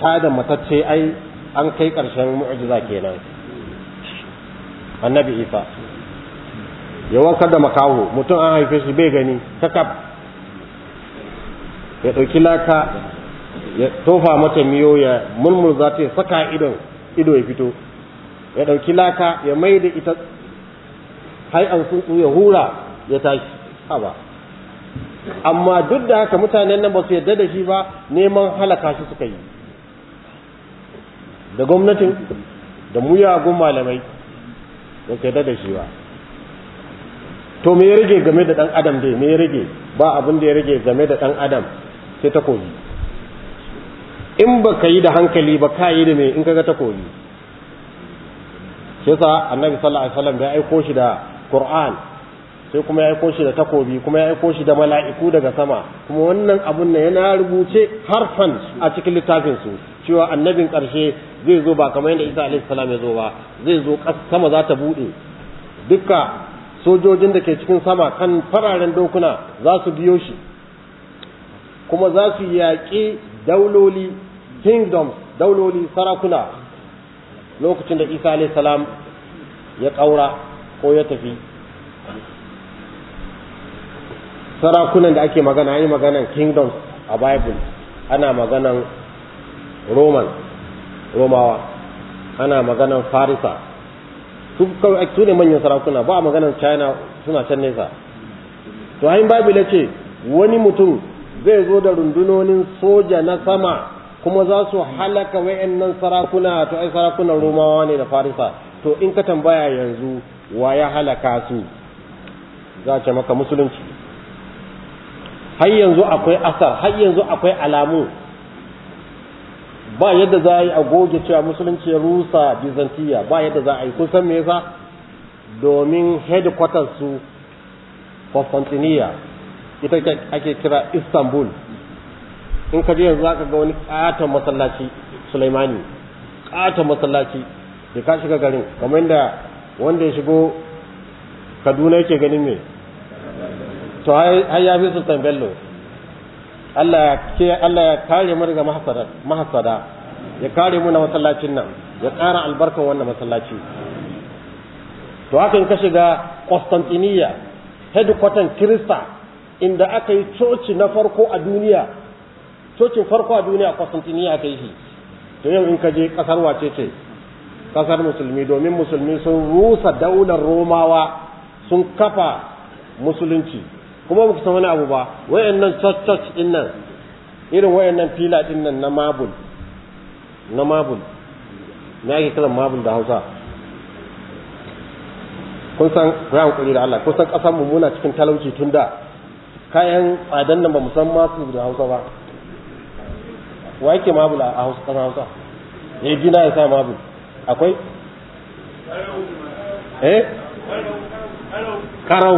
da matacce ai an kai ƙarshen mu'jiza kenan annabi isa ya wankar da makaho mutum an haife shi bai gani kakaf ya ɗauki laka ya tofa mata miyo ya za ta saka idon ido ya fito ya ɗauki laka ya mai da ita an tsuntsu ya hura ya tashi haba amma duk da haka mutanen nan ba su yarda da shi ba neman halaka shi suka yi da gwamnatin da muyagun malamai da ka da shi ba to me ya rage game da dan adam dai me ya rage ba abin da ya rage game da dan adam sai takobi in ba ka yi da hankali ba ka yi da me in kaga takobi shi yasa annabi sallallahu alaihi wasallam ya aiko shi da qur'an sai kuma ya aiko shi da takobi kuma ya aiko shi da mala'iku daga sama kuma wannan abun ne yana rubuce harfan a cikin littafin su cewa annabin ƙarshe zai zo ba kamar yadda isa alaihi salam ya zo ba zai zo sama za ta buɗe duka sojojin da ke cikin sama kan fararen dokuna za su biyo shi kuma za su yaƙi dauloli kingdoms dauloli sarakuna lokacin da isa alaihi salam ya ƙaura ko ya tafi sarakunan da ake magana yi maganan kingdoms a bible ana maganan roman romawa ana maganan farisa su ne manyan sarakuna ba a maganan china suna can nesa to hain babila ce wani mutum zai zo da rundunonin soja na sama kuma za su halaka wayannan sarakuna to ai sarakunan romawa ne da farisa to in ka tambaya yanzu wa ya halaka su za ce maka musulunci har yanzu akwai asar har yanzu akwai alamu ba yadda za a yi a goge cewa musulunci ya rusa bizantiya ba yadda za a yi kusan me yasa domin headquarters su Constantinople ita ake kira Istanbul in ka je yanzu zaka ga wani ƙaton masallaci Sulaimani ƙaton masallaci da ka shiga garin kamar inda wanda ya shigo Kaduna yake ganin me to har ya fi Sultan Bello Allah ke Allah ya kare mu daga mahasada mahasada ya kare mu na masallacin nan ya ƙara albarkan wannan masallaci to hakan ka shiga Constantinople headquarter Kirista inda aka yi coci na farko a duniya cocin farko a duniya Constantinople aka yi shi to yau in ka je kasar wace ce kasar musulmi domin musulmi sun rusa daular Romawa sun kafa musulunci kuma ba ku san wani abu ba wayannan church church din nan irin wayannan fila din nan na mabul na mabul me ake kiran mabul da Hausa kun san ran kuri da Allah kun san kasan mu muna cikin talauci tun da kayan tsadan nan ba mu san masu da Hausa ba wa yake mabul a Hausa kasan Hausa ne gina ya sa mabul akwai eh karau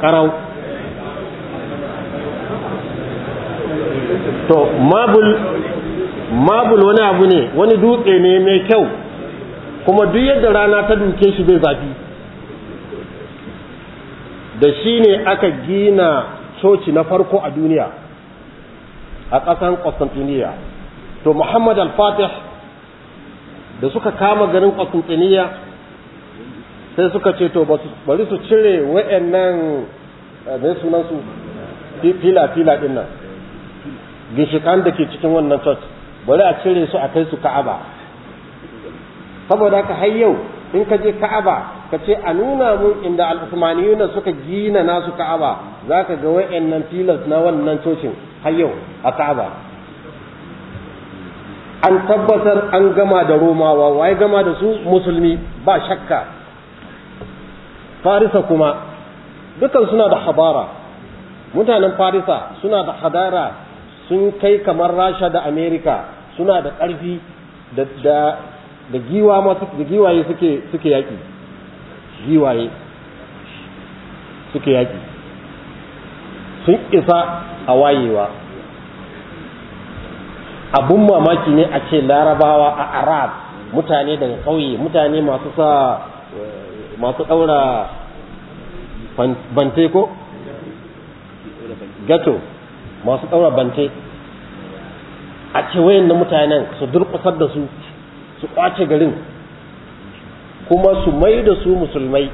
karau to mabul mabul wani abu ne wani dutse ne mai kyau kuma duk yadda rana ta duke shi bai zafi da shi ne aka gina coci na farko a duniya a ƙasar Constantiniya to Muhammad al-Fatih da suka kama garin Constantiniya sai suka ce to bari su cire wa'annan eh, mai sunansu fila fila din nan ginshikan da ke cikin wannan church bari a cire su a kai su ka'aba saboda ka har yau in ka je ka'aba ka ce a nuna mun inda al'usmaniyuna suka gina nasu ka'aba za ka ga wa'annan filas na wannan cocin har yau a ka'aba an tabbatar an gama da romawa waye gama da su musulmi ba shakka farisa kuma dukan suna da habara mutanen farisa suna da hadara sun kai kamar rasha da amerika suna da ƙarfi da giwaye suke yaƙi giwaye suke yaƙi sun isa a wayewa abun mamaki ne a ce larabawa a arab mutane daga ƙauye mutane masu sa masu ɗaura bante ko gato masu ɗaura bante a wayan na mutanen su durƙusar da su su ƙwace garin kuma su mai da su musulmai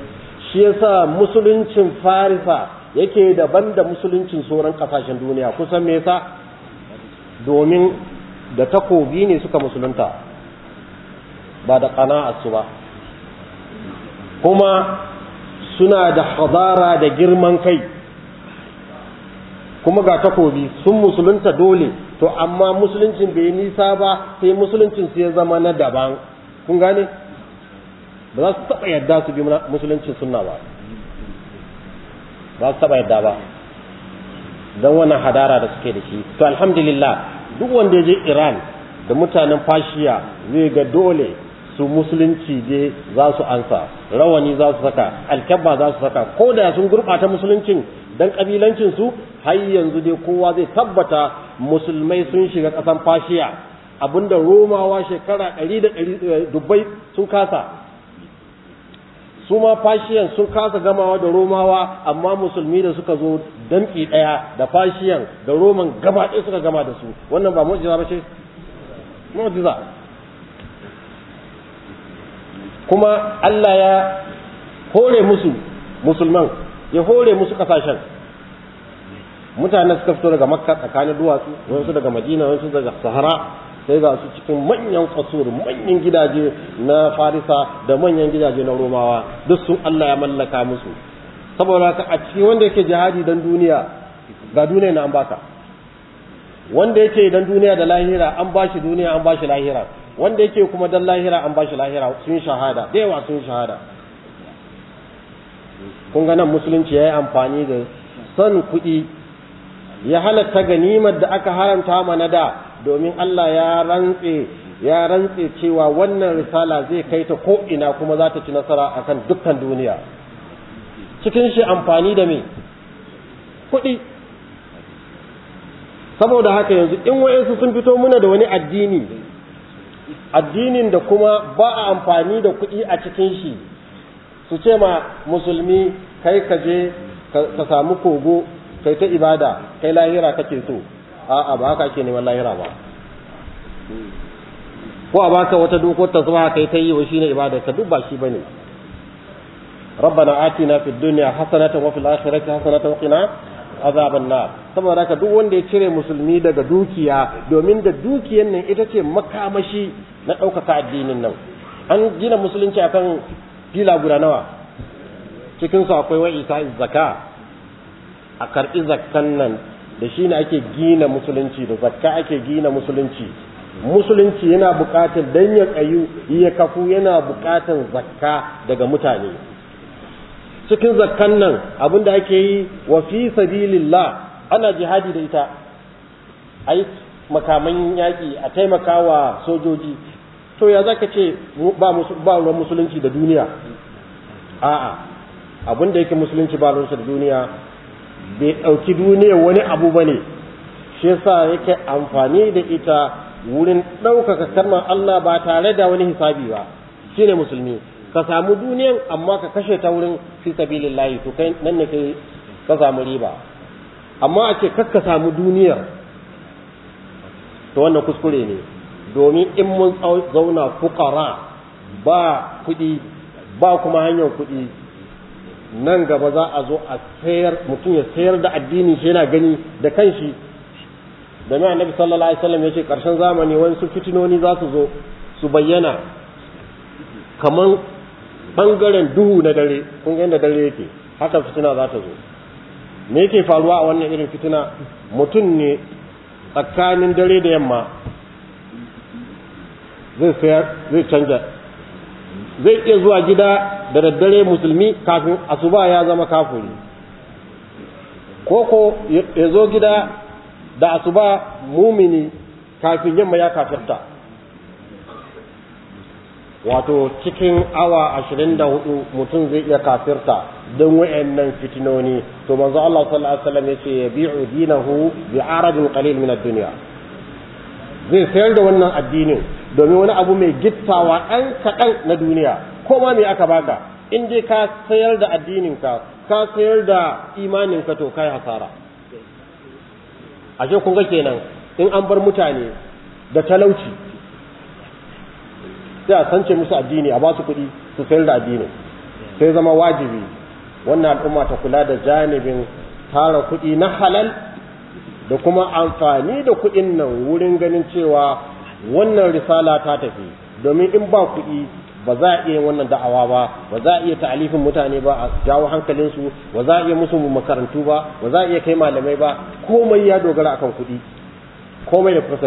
shi yasa musuluncin farisa yake daban da musuluncin sauran ƙasashen duniya kusan me yasa domin da takobi ne suka musulunta ba da su ba kuma suna da hadara da girman kai kuma ga takobi sun musulunta dole to amma musuluncin bai nisa ba sai musuluncin su ya zama na daban kun gane ba za su taɓa yadda su bi musuluncin sunna ba ba su taɓa yadda ba don wannan hadara da suke da shi to alhamdulillah duk wanda ya je iran da mutanen fashiya zai ga dole su musulunci je za su ansa rawani za su saka alkyabba za su saka ko da sun gurɓata musuluncin dan kabilancin su har yanzu dai kowa zai tabbata musulmai sun shiga ƙasan fashiya abinda romawa shekara ɗari da ɗari eh, dubbai sun kasa su ma fashiyan sun kasa gamawa da romawa amma musulmi da suka zo damƙi ɗaya da fashiyan da roman gaba ɗaya suka gama da su wannan ba mu'jiza ba ce mu'jiza kuma Allah ya hore musu musulman ya hore musu kasashen mutane suka fito daga makka tsakanin duwatsu wasu daga madina wasu daga sahara sai ga su cikin manyan kasuwar manyan gidaje na farisa da manyan gidaje na romawa duk sun Allah ya mallaka musu saboda ka a cikin wanda yake jihadi dan duniya ga duniya na an baka wanda yake dan duniya da lahira an bashi duniya an bashi lahira wanda yake kuma dan lahira an bashi lahira sun shahada da yawa sun shahada kun ga nan musulunci ya yi amfani da son kuɗi ya halatta ganimar da aka haramta mana da domin Allah ya rantse ya rantse cewa wannan risala zai kai ta ko ina kuma za ta ci nasara akan dukkan duniya cikin shi amfani da me kuɗi saboda haka yanzu in wa'insu sun fito muna da wani addini addinin da kuma ba a amfani da kuɗi a cikin shi su ce ma musulmi kai ka je ka samu kogo kai ta ibada kai lahira kake so a'a ba haka ake neman lahira ba ko a baka wata dokar ta zuwa kai ta yi wa shine ibada ka duk ba shi bane ربنا آتنا في الدنيا حسنة وفي الآخرة حسنة وقنا azaban nar saboda haka duk wanda ya cire musulmi daga dukiya domin da dukiyar nan ita ce makamashi na ɗaukaka addinin nan an gina musulunci akan fila guda nawa cikin su akwai wa isa zakka a karɓi zakkan nan da shi ne ake gina musulunci da zakka ake gina musulunci musulunci yana buƙatar dan ya kayu ya kafu yana buƙatar zakka daga mutane cikin zakkan nan abin da ake yi wa fi sabilillah ana jihadi da ita a yi makaman yaƙi a taimaka wa sojoji to ya zaka ce ba ruwan musulunci da duniya a'a abin da yake musulunci ba ruwansa da duniya bai ɗauki duniya wani abu ba ne shi yasa yake amfani da ita wurin ɗaukaka kalmar Allah ba tare da wani hisabi ba shine musulmi ka samu duniyan amma ka kashe ta wurin fi layi to kai nan ne kai ka samu riba amma a ce ka samu duniyar to wannan kuskure ne domin in mun zauna fukara ba kuɗi ba kuma hanyar kuɗi nan gaba za a zo a sayar mutum ya sayar da addini shi yana gani da kanshi da mai annabi sallallahu alaihi wasallam ya ce karshen zamani wani su fitinoni za su zo su bayyana kaman bangaren duhu na dare kun inda dare yake haka fitina za ta zo me yake faruwa a wannan irin fitina mutum ne tsakanin dare da yamma zai sayar zai canja zai iya zuwa gida da daddare musulmi kafin asuba ya zama kafuri koko ya zo gida da asuba mumini kafin yamma ya kafirta wato cikin awa ashirin da hudu mutum zai iya kafirta don wa'annan fitinoni to manzo Allah sallallahu alaihi wasallam yace yabi'u dinahu bi arabin qalil min ad-dunya zai sayar da wannan addinin domin wani abu mai gittawa ɗan kaɗan na duniya ko ma me aka baka in dai ka sayar da addininka ka sayar da imaninka to kai hasara ashe kun ga kenan in an bar mutane da talauci sai a sance musu addini a ba su kuɗi su sayar da addini sai zama wajibi wannan al'umma ta kula da janibin tara kuɗi na halal da kuma amfani da kuɗin nan wurin ganin cewa wannan risala ta tafi domin in ba kuɗi ba za a iya wannan da'awa ba ba za a iya ta'alifin mutane ba a jawo hankalinsu ba za a iya musu makarantu ba ba za a iya kai malamai ba komai ya dogara akan kuɗi komai da kuka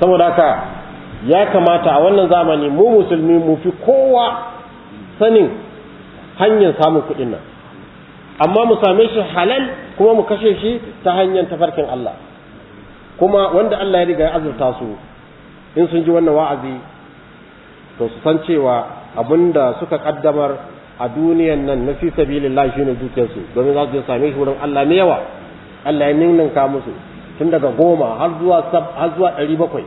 saboda haka ya kamata a wannan zamani mu musulmi mu fi kowa sanin hanyar samun kuɗin nan amma mu same shi halal kuma mu kashe shi ta hanyar tafarkin Allah kuma wanda Allah ya riga ya azurta su in sun ji wannan wa'azi to su san cewa abinda suka kaddamar a duniyan nan na fi sabilillah shine dukiyarsu domin za su je same shi wurin Allah ne yawa Allah ya ninninka musu tun daga goma har zuwa har ɗari bakwai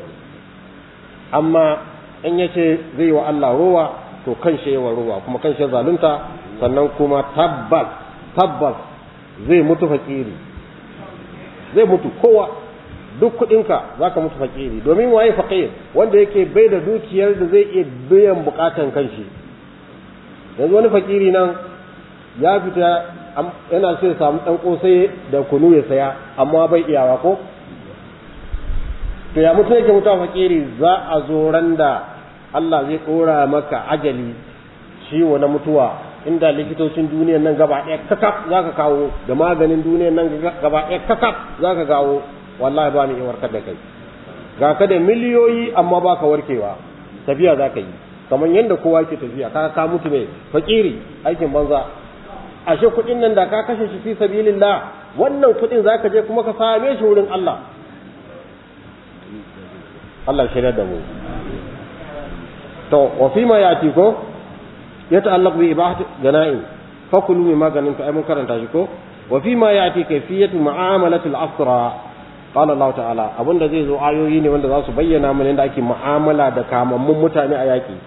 amma in yace zai wa Allah ruwa to kan shi yawa ruwa kuma kan shi zalunta sannan kuma tabbas tabbas zai mutu fakiri zai mutu kowa duk kudinka zaka mutu fakiri domin waye fakir wanda yake bai da dukiyar da zai iya biyan bukatan kanshi yanzu wani fakiri nan ya fita yana so ya samu dan kosai da kunu ya saya amma bai iyawa ko to ya mutu yake mutuwa fakiri za a zo da Allah zai kora maka ajali ciwo na mutuwa inda likitocin duniyar nan gaba ɗaya kakaf za ka kawo da maganin duniyar nan gaba ɗaya kakaf za ka kawo wallahi ba ni warkar da kai ga ka da miliyoyi amma ba ka warkewa tafiya za ka yi kamar yadda kowa ke tafiya ka ka mutu mai fakiri aikin banza ashe kuɗin nan da ka kashe shi fi sabilillah wannan kuɗin za ka je kuma ka same shi wurin Allah Allah shi da mu to wa fi ma yati ko ya ta'allaq bi ibahat ganaim fa kullu mimma ganimtu ay mun karanta shi ko wa fi ma yati kayfiyatu mu'amalati al-asra qala Allah ta'ala abinda zai zo ayoyi ne wanda za su bayyana mana yadda ake mu'amala da kamammun mutane a yaki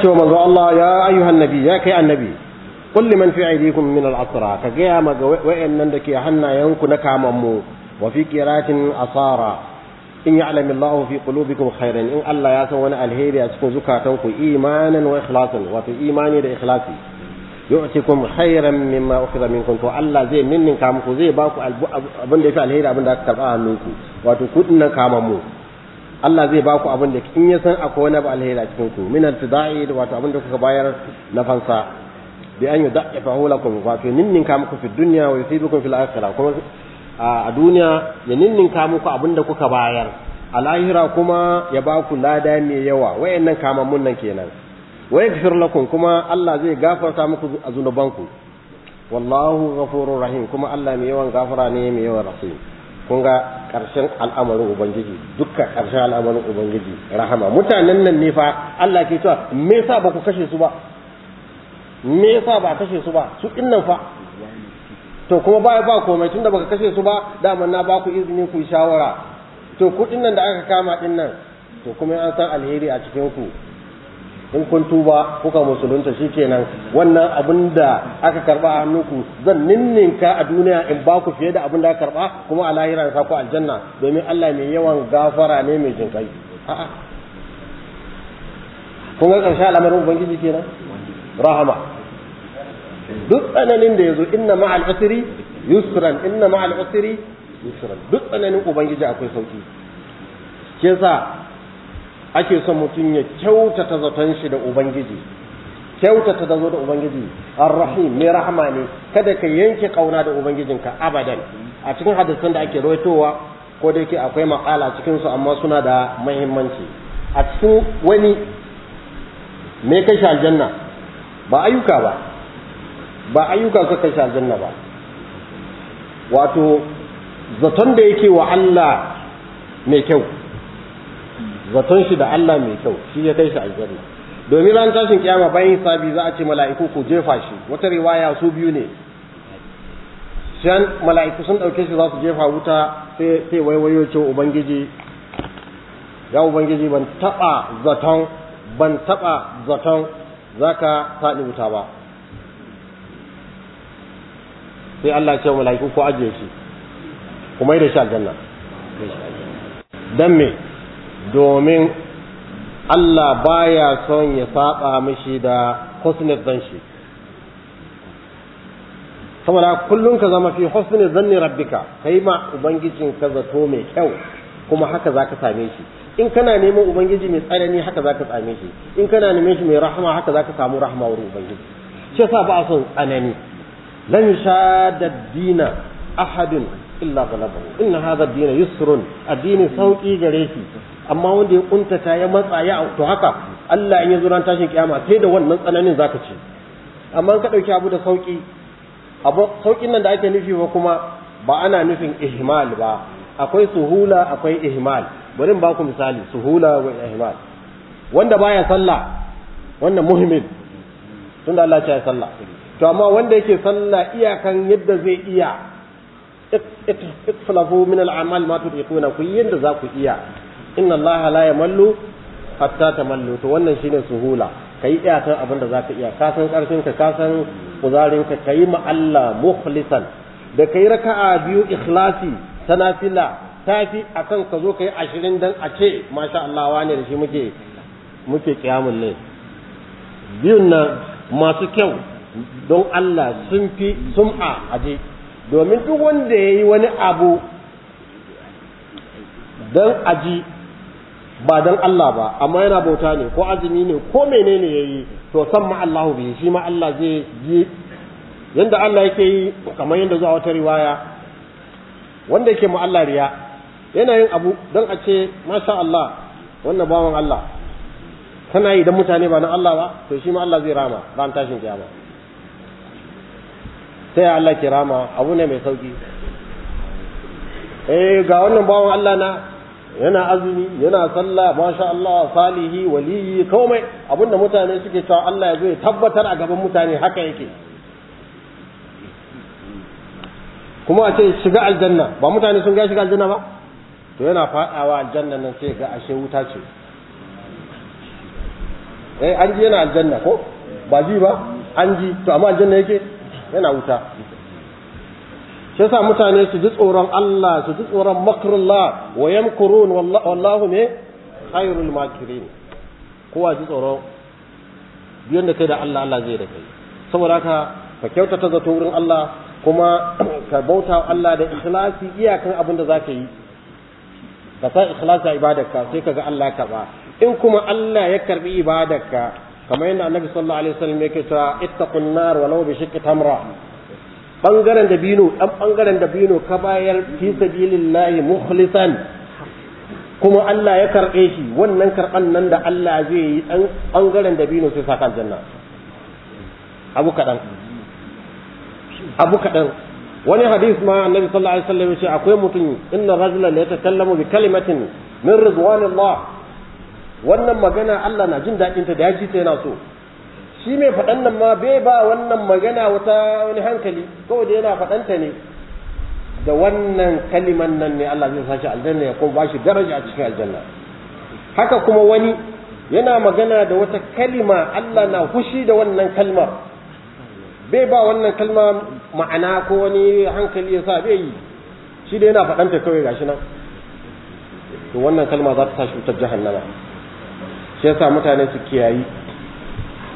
aka ce wa manzo Allah ya ayyuhan nabi ya kai annabi qul liman fi aydikum min al-asra ka ga ma ga wayannan dake hannayenku na kaman mu wa fi qiratin asara in ya'lam Allah fi qulubikum khairan in Allah ya san wani alheri a cikin zukatanku imanan wa ikhlasan imani da ikhlasi yu'tikum khairan mimma minkum to Allah zai zai baku abin da yafi alheri abin da aka karba hannunku wato kudin nan kaman mu Allah zai ba ku abin da in ya san akwai wani alheri a cikin ku min al-fida'i wato abin da kuka bayar na fansa bi an yudha'ifahu lakum wato ka muku fi dunya wa yusibukum fil akhirah kuma a duniya ya ninnin ka muku abin da kuka bayar a lahira kuma ya ba ku lada mai yawa wayannan mun nan kenan wa yaghfir lakum kuma Allah zai gafarta muku zunubanku wallahu ghafurur rahim kuma Allah mai yawan gafara ne mai yawan rahim kun ga ƙarshen al'amarin ubangiji dukkan ƙarshen al'amarin ubangiji rahama mutanen nan ne fa Allah ke cewa me yasa ba ku kashe su ba me yasa ba kashe su ba su nan fa to kuma ba ba komai tunda baka kashe su ba dama na ba ku izini ku yi shawara to kuɗin nan da aka kama din nan to kuma an san alheri a cikin ku in kun tuba kuka musulunta kenan wannan abin da aka karba a hannunku zan ninninka a duniya in ba ku fiye da abin da aka karba kuma a lahira ka ku aljanna domin Allah mai yawan gafara ne mai jin kai kun ga karshe al'amarin ubangiji kenan rahama duk tsananin da yazo inna ma'al usri yusran inna ma'al usri yusran duk tsananin ubangiji akwai sauki kesa ake son mutum ya kyautata zaton shi da ubangiji kyautata da zo da ubangiji ar-rahim mai rahama ne kada ka yanke ƙauna da ubangijinka abadan a cikin hadisan da ake rotowa, ko da yake akwai makala cikinsu amma suna da mahimmanci a cikin wani me kashi aljanna ba ayyuka ba ba ayyuka suka kashi aljanna ba wato zaton da yake wa Allah mai kyau zaton shi da Allah mai kyau shi ya kai shi aljanna domin ran tashin kiyama bayan hisabi za a ce mala'iku ku jefa shi wata riwaya su biyu ne shan mala'iku sun dauke shi za su jefa wuta sai sai waiwayo ce ubangiji ya ubangiji ban taba zaton ban taba zaton zaka fadi wuta ba sai Allah ce mala'iku ku ajiye shi kuma yi da shi aljanna dan me domin Allah baya son ya saba mishi da husnul zanshi saboda kullum ka zama fi husnul zanni rabbika kai ma ubangijin ka zato mai kyau kuma haka zaka same shi in kana neman ubangiji mai tsanani haka zaka same shi in kana neman shi mai rahama haka zaka samu rahama wurin ubangiji shi yasa ba a son tsanani lan shada dina ahadun illa ghalabahu inna hadha ad yusrun addini sauki gare shi amma wanda ya kuntata ya matsa ya to haka Allah in ya zo ran tashin kiyama sai da wannan tsananin zaka ci amma ka dauki abu da sauki abu saukin nan da ake nufi ba kuma ba ana nufin ihmal ba akwai suhula akwai ihmal bari ba ku misali suhula wa ihmal wanda baya sallah wannan muhimmin tunda Allah ya sallah to amma wanda yake sallah iyakan yadda zai iya itfalafu min al'amal ma tudikuna ku yanda za ku iya inna allaha la yamallu hatta tamallu to wannan shine suhula kai iyakan abin da zaka iya ka san karfin ka ka san kuzarin ka kai ma Allah mukhlisan da kai raka'a biyu ikhlasi sanafila tafi akan ka zo kai 20 dan a ce masha Allah wane da shi muke muke kiyamul ne biyun nan masu kyau don Allah sun fi sum'a aje domin duk wanda yayi wani abu don aji ba dan Allah ba amma yana bauta ne ko azumi ne ko menene yayi to san ma Allah bi shi ma Allah zai yi yanda Allah yake yi kamar yanda zuwa wata riwaya wanda yake mu Allah riya yana yin abu dan a ce masha Allah wannan bawan Allah kana yi dan mutane ba na Allah ba to shi ma Allah zai rama ran tashin kiyama sai Allah ki rama abu ne mai sauki eh ga wannan bawan Allah na yana azumi yana sallah masha Allah salihi waliyi komai abinda mutane suke cewa Allah ya zo ya tabbatar a gaban mutane haka yake kuma a ce shiga aljanna ba mutane sun ga shiga aljanna ba to yana fadawa aljanna nan sai ga ashe wuta ce eh an ji yana aljanna ko ba ji ba an ji to amma aljanna yake yana wuta sai sa mutane su ji tsoron Allah su ji tsoron makrullah wa yamkurun wallahu ne khairul makirin kowa ji tsoron biyan da kai da Allah Allah zai da kai saboda haka ka kyautata zato wurin Allah kuma ka bauta Allah da ikhlasi iyakan abin da zaka yi ka sa ikhlasi a ibadarka sai ka ga Allah ka ba in kuma Allah ya karbi ibadarka kamar yadda Annabi sallallahu alaihi wasallam yake cewa ittaqun nar walau bi shiqqi tamra bangaren dabino dan bangaren dabino ka bayar fi sabilillahi mukhlisan kuma Allah ya karɓe shi wannan karɓan nan da Allah zai yi dan bangaren dabino sai saka janna abu kadan abu kadan wani hadis ma annabi sallallahu alaihi wasallam yace akwai mutum inna la yatakallamu bi kalimatin min ridwanillah wannan magana Allah na jin dadin ta da ya ji ta yana so shi mai faɗan nan ma bai ba wannan magana wata wani hankali kawai da yana faɗanta ne da wannan kaliman nan ne Allah zai sashi aljanna ya kuma bashi daraja a cikin aljanna haka kuma wani yana magana da wata kalima Allah na hushi da wannan kalmar bai ba wannan kalma ma'ana ko wani hankali ya sa bai yi shi da yana faɗanta kawai gashi nan to wannan kalma za ta sashi wutar jahannama shi yasa mutane su kiyayi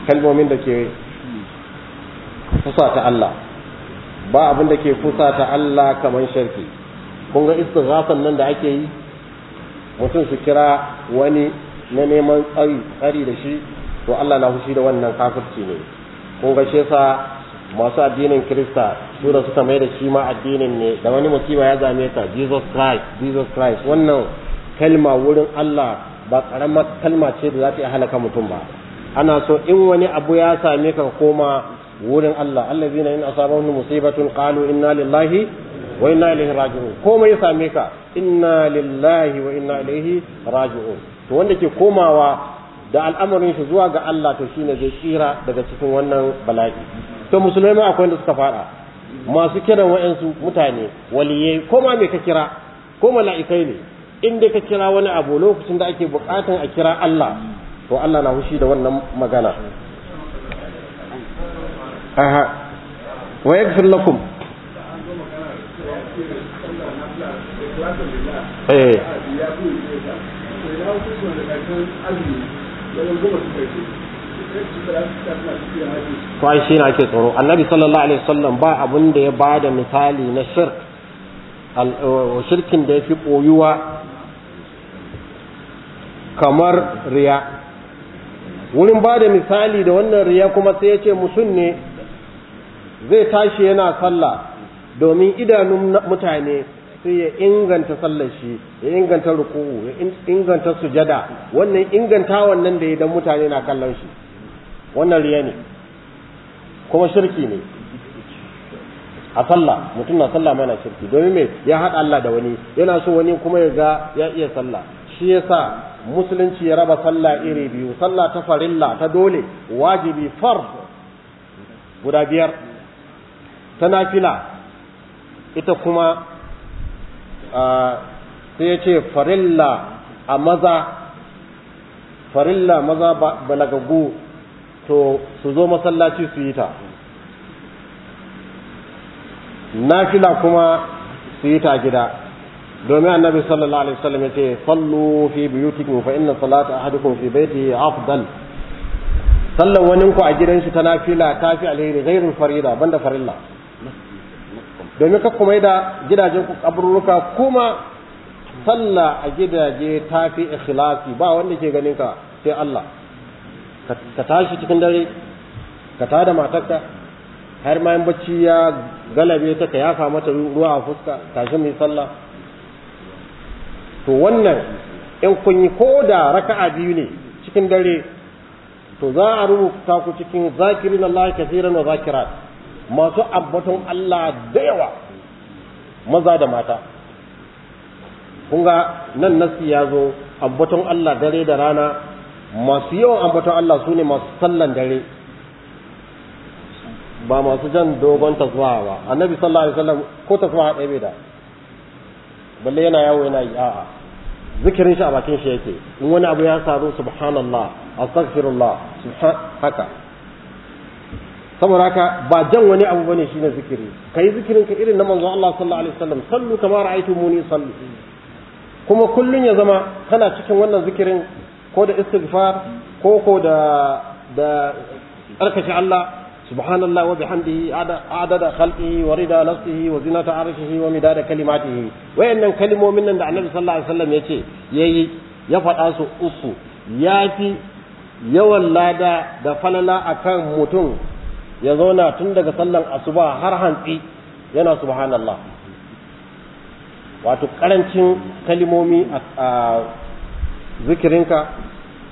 kalmomin da ke fusata Allah ba abin da ke fusata Allah kamar shirki kun ga istighasan nan da ake yi mutum su kira wani na neman tsari tsari da shi to Allah na fushi da wannan kafirci ne kun ga shi yasa masu addinin Kirista su da suka mai da shi ma addinin ne da wani musiba ya zame ta Jesus Christ Jesus Christ wannan kalma wurin Allah ba karamar kalma ce da za ta halaka mutum ba ana so in wani abu ya same ka koma wurin Allah allazina in asabahum musibatun qalu inna lillahi wa inna ilaihi raji'un komai ya same ka inna lillahi wa inna ilaihi raji'un to wanda ke komawa da al'amarin shi zuwa ga Allah to shine zai tsira daga cikin wannan bala'i to musulmai akwai wanda suka faɗa masu kiran wa'ansu mutane waliyai ko me ka kira ko mala'ikai ne in dai ka kira wani abu lokacin da ake bukatan a kira Allah to Allah na hushi da wannan magana aha wa yaghfir lakum eh to ai shi na ake tsoro annabi sallallahu alaihi wasallam ba abun da ya bada misali na shirk eh, shirkin da ya fi koyuwa kamar riya wurin ba da misali da wannan riya kuma sai ya ce mutum ne zai tashi yana sallah domin idanun mutane sai ya inganta sallar shi ya inganta ruku'u ya inganta sujada wannan inganta wannan da idan mutane na kallon shi wannan riya ne kuma shirki ne a sallah mutum na sallah mana shirki domin me ya haɗa Allah da wani yana so wani kuma ya ga ya iya sallah shi yasa musulunci ya raba sallah iri biyu sallah ta farilla ta dole wajibi far guda biyar ta nafila ita kuma sai ya ce farilla a maza farilla maza balagagu to su zo masallaci su yi ta nafila kuma su yi ta gida domin annabi sallallahu alaihi wasallam ya ce sallu fi buyutikum fa inna salata ahadukum fi baiti afdal sallan wani ku a gidan shi ta nafila ta fi alheri ghairu farida banda farilla domin ka kuma da gidajen ku kaburruka kuma sallah a gidaje ta fi ikhlasi ba wanda ke ganin ka sai Allah ka tashi cikin dare ka tada matarka har ma bacci ya galabe ta ka yafa mata ruwa a fuska tashi mai sallah to wannan in kun yi ko da raka'a biyu ne cikin dare to za a rubuta ku cikin zakirin Allah kaseeran wa zakirat masu abbatun Allah da yawa maza da mata kun ga nan nasi ya zo abbatun Allah dare da rana masu yawan abbatun Allah su ne masu sallan dare ba masu jan dogon tasbaha ba annabi sallallahu alaihi wasallam ko tasbaha ɗaya bai da balle yana yawo yana yi a'a zikirin shi a bakin shi yake in wani abu ya saru subhanallah astaghfirullah subhan haka saboda haka ba jan wani abu bane shine zikiri kai zikirin ka irin na manzo Allah sallallahu alaihi wasallam sallu kama ra'aytumuni sallu kuma kullun ya zama kana cikin wannan zikirin ko da istighfar ko ko da da Allah سبحان الله وبحمده عدد خلقه ورضا نفسه وزنة عرشه ومداد كلماته وإن كلمة من عند النبي صلى الله عليه وسلم يتي يي يفعل أسو أسو ياتي yawan lada da falala a kan mutum ya zauna tun daga sallan asuba har hantsi yana subhanallah wato karancin kalimomi a zikirinka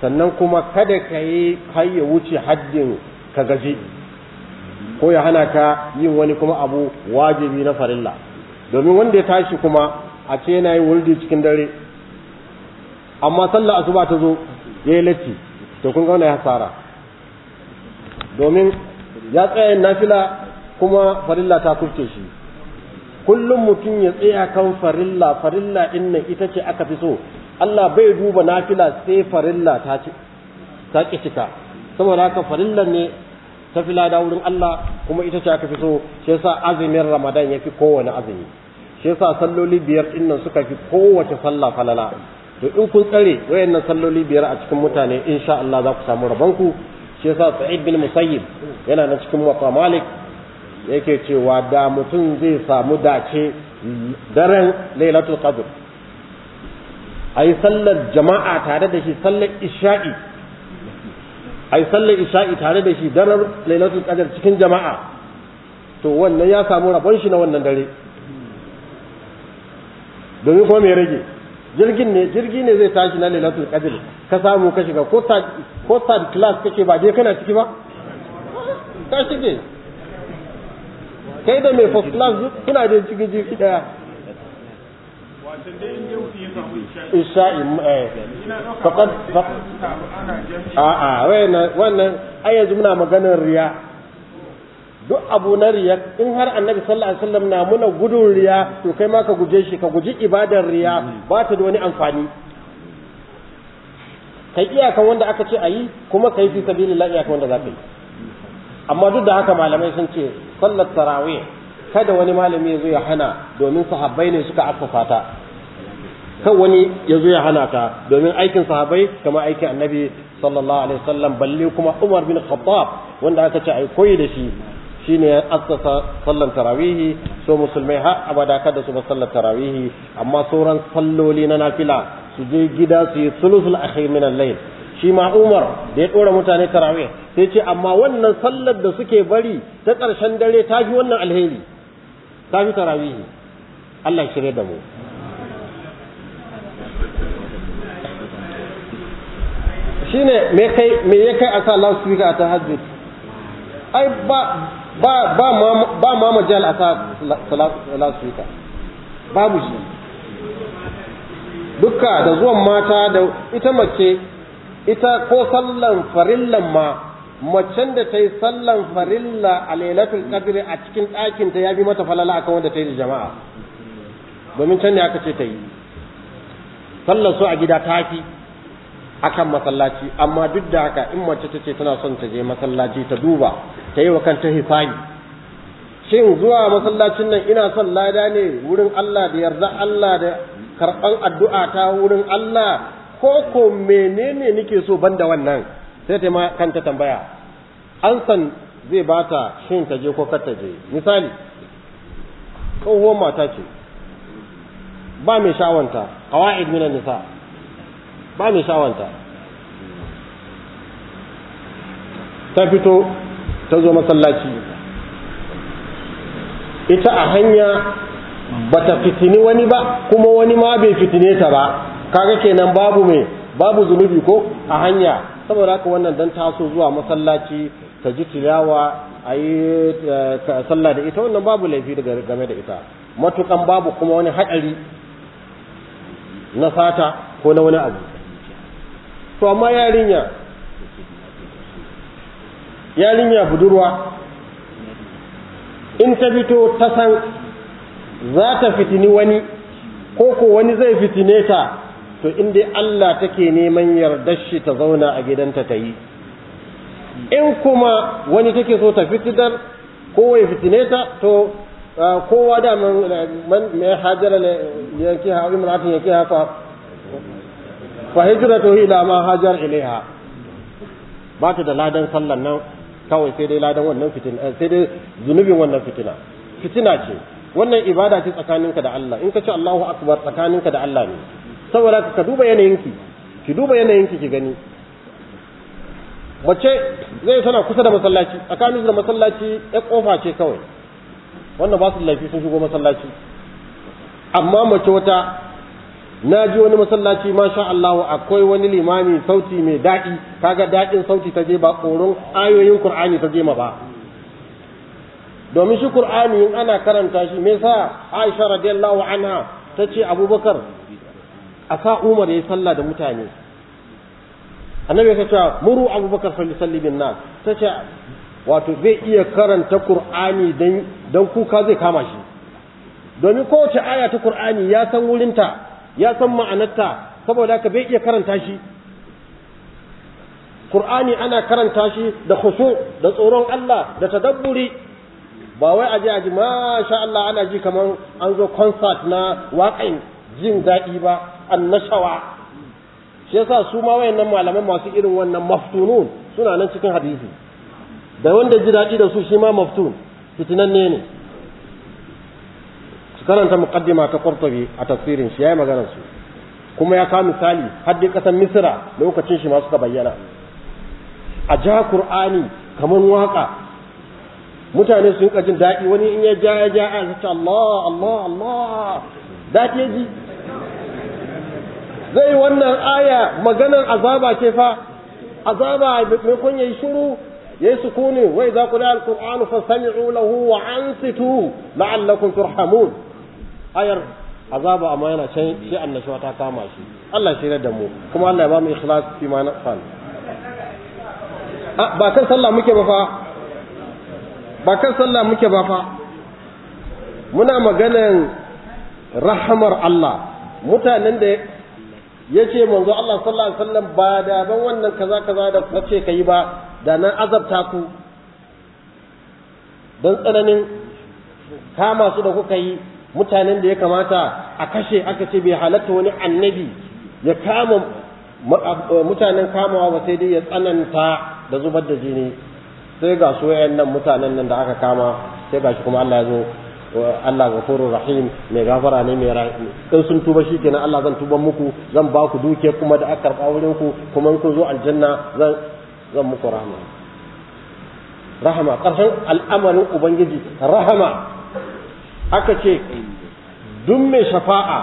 sannan kuma kada kayi har ya wuce haddin ka gaji ko ya hana ka yin wani kuma abu wajibi na farilla domin wanda ya tashi kuma a ce yana yi wurdi cikin dare amma sallar asuba ta zo ya yi latti to kun gauna ya tsara domin ya tsaya nafila kuma farilla ta kurce shi kullum mutum ya tsaya kan farilla farilla inna na ita ce aka fi so Allah bai duba nafila sai farilla ta ci ta cika saboda haka farilla ne ta fi lada wurin Allah kuma ita ce aka fi so shi yasa azumin Ramadan yafi kowane azumi shi yasa salloli biyar din suka fi kowace sallah falala to in kun tsare wayannan salloli biyar a cikin mutane insha Allah za ku samu rabon shi yasa Sa'id bin Musayyib yana na cikin Muwatta Malik yake cewa da mutum zai samu dace daren Lailatul Qadr ayi sallar jama'a tare da shi sallar Isha'i ai sallar isha'i tare da shi darar lailatul qadar cikin jama'a to wannan ya samu rabon shi na wannan dare domin kuma mai rage jirgin ne jirgi ne zai tashi na lailatul qadar ka samu ka shiga ko third ko class kake ba dai kana ciki ba ka shige kai da mai first class kuna da cikin jirgi daya isha'i eh. faqad a'a wannan ai yanzu muna maganar riya duk abu na riya in har annabi sallallahu alaihi wasallam na muna gudun riya to kai ma ka guje shi ka guji ibadar riya ba ta da wani amfani kai iyakan wanda aka ce ayi kuma kai fi sabilillah iyakan wanda za yi amma duk da haka malamai sun ce sallar tarawih kada wani malami ya zo ya hana domin sahabbai ne suka affafa fata. kan wani ya zo ya hana ta domin aikin sahabai kama aikin annabi sallallahu alaihi wasallam balle kuma Umar bin Khattab wanda aka ce ai koyi da shi shine ya assasa sallan tarawihi so musulmai har abada kada su ba sallar tarawihi amma sauran salloli na nafila su je gida su yi sulusul akhir min al-layl shi ma Umar da ya dora mutane tarawih sai ce amma wannan sallar da suke bari ta ƙarshen dare ta fi wannan alheri ta fi tarawihi Allah shirye da mu shine me kai me ya kai a sa loudspeaker a hajji ai ba ba ba ma ba ma majal a sa loudspeaker babu shi duka da zuwan mata da ita mace ita ko sallan farillan ma macen da ta yi sallan farilla a lailatul qadri a cikin ɗakin ta ya bi mata falala akan wanda ta yi da jama'a domin can ne aka ce ta yi sallan su a gida ta fi akan masallaci amma duk da haka in mace ta ce tana son ta je masallaci ta duba ta yi wa kanta hisabi shin zuwa masallacin nan ina son lada ne wurin Allah da yarda Allah da karɓan addu'a ta wurin Allah ko ko menene nake so banda wannan sai ta ma kanta tambaya an san zai bata shin ta je ko kar ta je misali tsohuwar mata ce ba mai sha'awanta qawaid minan nisa' ba mai shawanta ta fito ta zo masallaci ita a hanya ba bata fitini wani ba kuma wani ma bai fitine ta ba kaga kenan babu mai babu zunubi ko a hanya saboda haka wannan dan taso zuwa masallaci ta ji tilawa a yi eh, sallah da ita wannan babu laifi daga game da ita matukan babu kuma wani haɗari na sata ko na wani abu to amma yarinya yarinya budurwa in ta fito ta san za ta fitini wani ko ko wani zai fitine ta to in dai Allah take neman yardar shi ta zauna a gidanta ta yi in kuma wani take so ta fitinar ko ya fitine ta to kowa da man mai hajjara ne yanki ha imratin yanki ha fa hijratu ila ma hajar ilaiha ba ta da ladan sallan nan kawai sai dai ladan wannan fitina eh, sai dai zunubin wannan fitina fitina ce wannan ibada ce tsakaninka da Allah in ka ce Allahu akbar tsakaninka da Allah ne saboda ka duba yanayinki ki duba yanayinki ki gani mace zai tana kusa da masallaci tsakanin da masallaci ya kofa ce kawai wannan ba su laifi sun shigo masallaci amma mace wata na ji wani masallaci masha Allah akwai wani limami sauti mai daɗi kaga daɗin sauti ta je ba tsoron ayoyin Qur'ani ta je ma ba domin shi Qur'ani in ana karanta shi me yasa Aisha radiyallahu anha ta ce Abubakar a sa Umar ya sallah da mutane annabi ya ce muru Abubakar salli bin nas ta ce wato zai iya karanta Qur'ani dan dan kuka zai kama shi domin kowace aya ta Qur'ani ya san wurinta ya san ma'anarta saboda haka bai iya karanta shi Qur'ani ana karanta shi da khushu da tsoron Allah da tadabburi ba wai aje aji sha Allah ana ji kaman an zo concert na waƙin jin daɗi ba annashawa shi yasa su ma wayannan malaman masu irin wannan maftunun suna nan cikin hadisi da wanda ji daɗi da su shi ma maftun fitinanne ne su karanta muqaddima ta Qurtubi a tafsirin shi yayi maganar su kuma ya kawo misali har dai kasan Misra lokacin shi ma suka bayyana a ja Qur'ani kamar waka mutane sun ka jin daɗi wani in ya ja ya ja ya Allah Allah Allah daɗi ya ji zai wannan aya maganar azaba ce fa azaba mai kun yayi shiru yayi sukuni za ku da al-qur'anu fastami'u lahu wa ansitu la'allakum turhamun ayar azaba amma yana can sai annashuwa ta kama shi Allah shi da mu kuma Allah ya ba mu ikhlas fi ma nafsan ah, ba kan sallah muke ba fa ba kan sallah muke ba fa muna maganan rahamar Allah mutanen da ya ce manzo Allah sallallahu alaihi wasallam ba da ban wannan kaza kaza da kace kai ba da nan azabta ku dan tsananin kama su da kuka yi mutanen da ya kamata a kashe aka ce bai halatta wani annabi ya kama mutanen kamawa ba sai dai ya tsananta da zubar da jini sai ga su nan mutanen nan da aka kama sai ga shi kuma Allah ya zo Allah gafurur rahim mai gafara ne mai rahim in sun tuba shi kenan Allah zan tuba muku zan ba ku duke kuma da aka karɓa wurin ku kuma in kun zo aljanna zan zan muku rahama rahama ƙarshen al'amarin ubangiji rahama aka ce duk mai shafa'a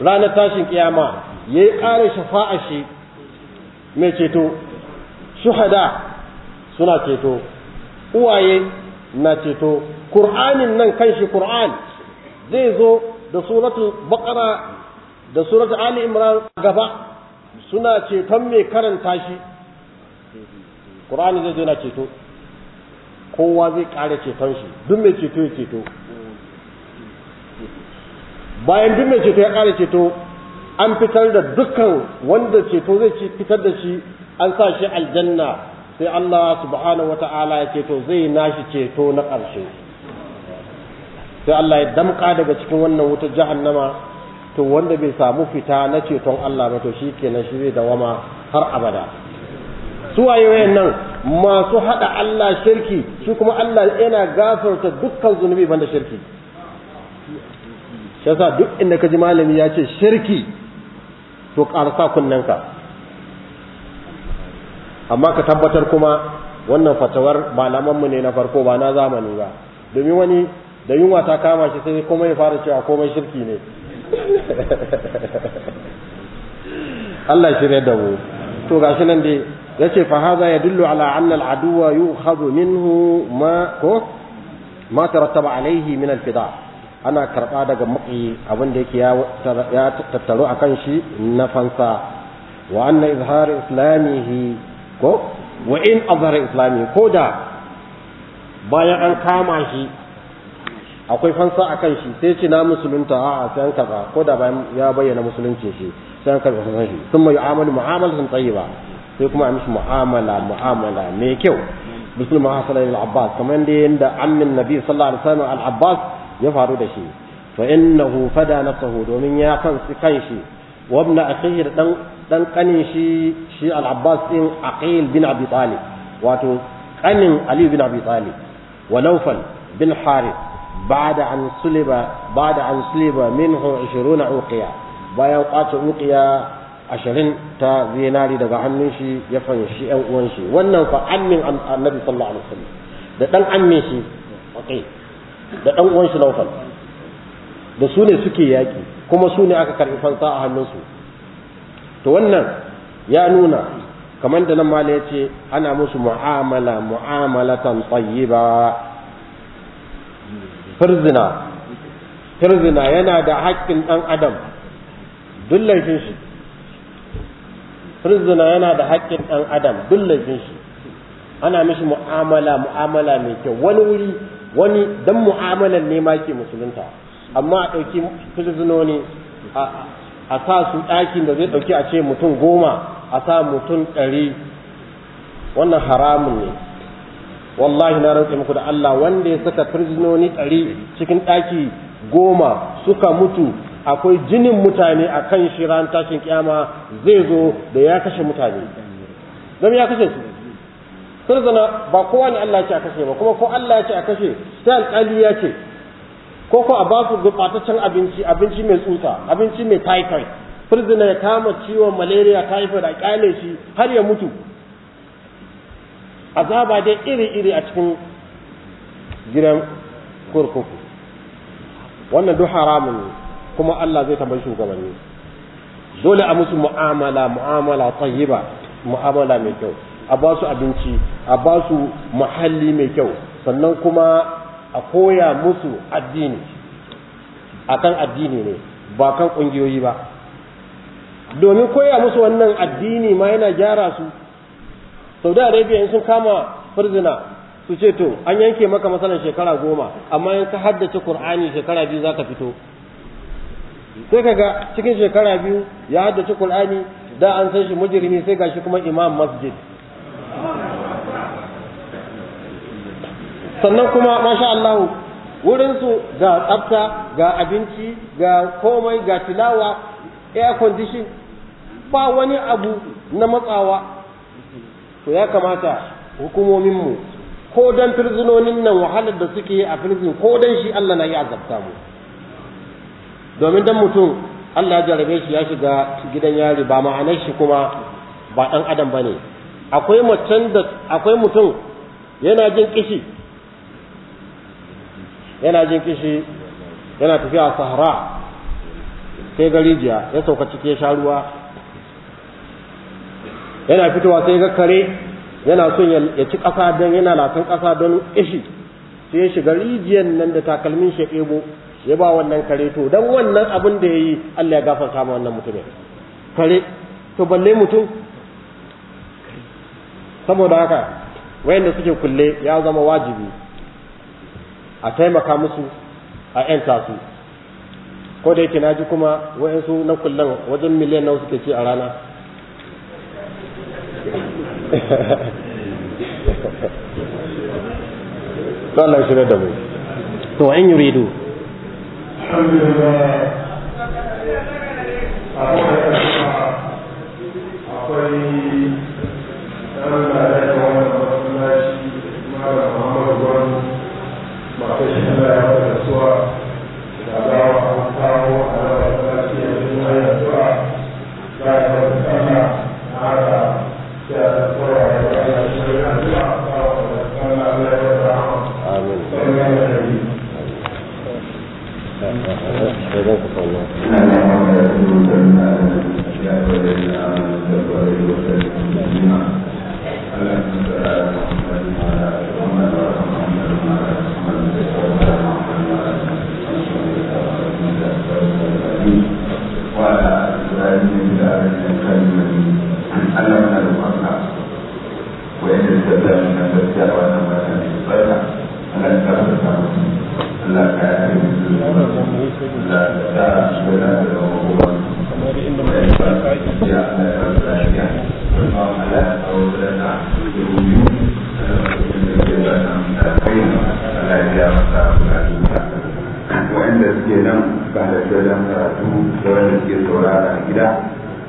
ranar tashin kiyama ya yi ƙarin shafa'a shi mai ceto shuhada suna ceto uwaye na ceto ƙur'anin nan kanshi ƙur'an zai zo da suratul baƙara da suratul ali imran gaba suna ceton mai karanta shi ƙur'anin zai zo na ceto kowa zai ƙara ceton shi duk mai ceto ya ceto bayan duk mai ceto ya ƙara ceto an fitar da dukkan wanda ceto zai ci fitar da shi an sa shi aljanna sai Allah subhanahu wata'ala ya ceto zai nashi ceto na ƙarshe sai Allah ya damƙa daga cikin wannan wuta, jahannama to wanda bai samu fita na ceton Allah ba to shi kenan shi zai dawama har abada su waye wayannan masu hada Allah shirki su kuma Allah yana gafarta dukkan zunubi banda shirki shasa duk inda ka ji malami ya ce shirki to ƙarsa kunnanka amma ka tabbatar kuma wannan fatawar malamanmu ne na farko ba na zamani ba domin wani da yunwa ta kama shi sai kuma ya fara cewa komai shirki ne Allah shirya da mu to shi nan dai ce fa ya yadullu ala anna al aduwa yu'khadhu minhu ma ko ma tarattaba alaihi min al fida' ana karɓa daga maƙi abin da yake ya tattaro a kan shi na fansa wa anna izhar islamihi ko wa in azhar islamihi ko da bayan an kama shi akwai fansa a kan shi sai ci na musulunta a sai an karɓa ko da bayan ya bayyana musulunci shi sai an karɓa fansa shi sun mai mu'amalu mu'amala sun tsayi ba sai kuma a mishi mu'amala mu'amala mai kyau musulman hasan al-abbas kamar da yadda ammin nabi sallallahu alaihi wasallam al-abbas ya faru da shi fa innahu fada nafsahu domin ya kansu kanshi wa ibn dan dan kanin shi shi al-abbas din aqil bin abi talib wato kanin ali bin abi talib wa nawfal bin harith ba'da an suliba ba'da an suliba minhu 20 uqiya bayan kwace uqiya ashirin ta zinari daga hannun shi ya fanshi yan uwan shi wannan fa ammin annabi sallallahu alaihi wasallam da dan ammin shi okay da ɗan uwan shi naufal da su ne suke yaƙi kuma su ne aka karbi fansa a hannunsu to wannan ya nuna kamar da nan mala ya ce ana musu mu'amala mu'amalatan tayyiba firzina firzina yana da haƙƙin ɗan adam duk shi firzina yana da haƙƙin ɗan adam duk shi ana mishi mu'amala mu'amala mai kyau wani wuri wani dan mu'amalan ne ma ke musulunta amma a ɗauki filizinoni a sa su ɗakin da zai ɗauki a ce mutum goma a sa mutum ɗari wannan haramun ne wallahi na rantse muku da Allah wanda ya saka firizinoni ɗari cikin ɗaki goma suka mutu akwai jinin mutane a kan shi ran tashin kiyama zai zo da ya kashe mutane zama ya kashe su sun zana ba kowa ne Allah ce a kashe ba kuma ko Allah ya ce a kashe sai alƙali ya ce ko ko a ba su gurɓataccen abinci abinci mai tsutsa abinci mai typhoid prisoner ya kama ciwon malaria typhoid a ƙyale shi har ya mutu azaba dai iri-iri a cikin gidan kurkuku wannan duk haramun kuma Allah zai tambayi shugabanni dole a musu mu'amala mu'amala tayyiba mu'amala mai kyau a ba su abinci a ba su muhalli mai kyau sannan kuma a koya musu addini akan addini ne ba kan ƙungiyoyi ba domin koya musu wannan addini ma yana gyara su saudi arabia in sun kama firzina su ce to an yanke maka matsalar shekara goma amma in ka haddace kur'ani shekara biyu za ka fito sai kaga cikin shekara biyu ya haddace kur'ani da an san shi mujrimi sai gashi kuma imam masjid sannan kuma masha Allah wurinsu ga tsafta ga abinci ga komai ga tilawa air condition ba wani abu na matsawa to ya kamata hukumominmu ko dan firzunonin nan wahalar da suke a firzin ko dan shi Allah na yi azabta mu domin dan mutum Allah ya jarabe shi ya shiga gidan yari ba ma'anar shi kuma ba dan adam bane akwai mutum akwai mutum yana jin kishi yana jin kishi yana tafiya a sahara sai ga rijiya ya sauka ciki ya sha ruwa yana fitowa sai ga kare yana son ya ci ƙasa don yana lasan ƙasa don ishi sai ya shiga rijiyar nan da takalmin shi ebo ya ba wannan kare to don wannan abin da ya yi Allah ya gafarta ma wannan mutumin kare to balle mutum saboda haka wayanda suke kulle ya zama wajibi a taimaka musu a 'yan su ko da yake na ji kuma wa'yansu na kullum wajen miliyan nawa suke ci a rana sallar shirar da mu to wa'in yuridu alhamdulillah akwai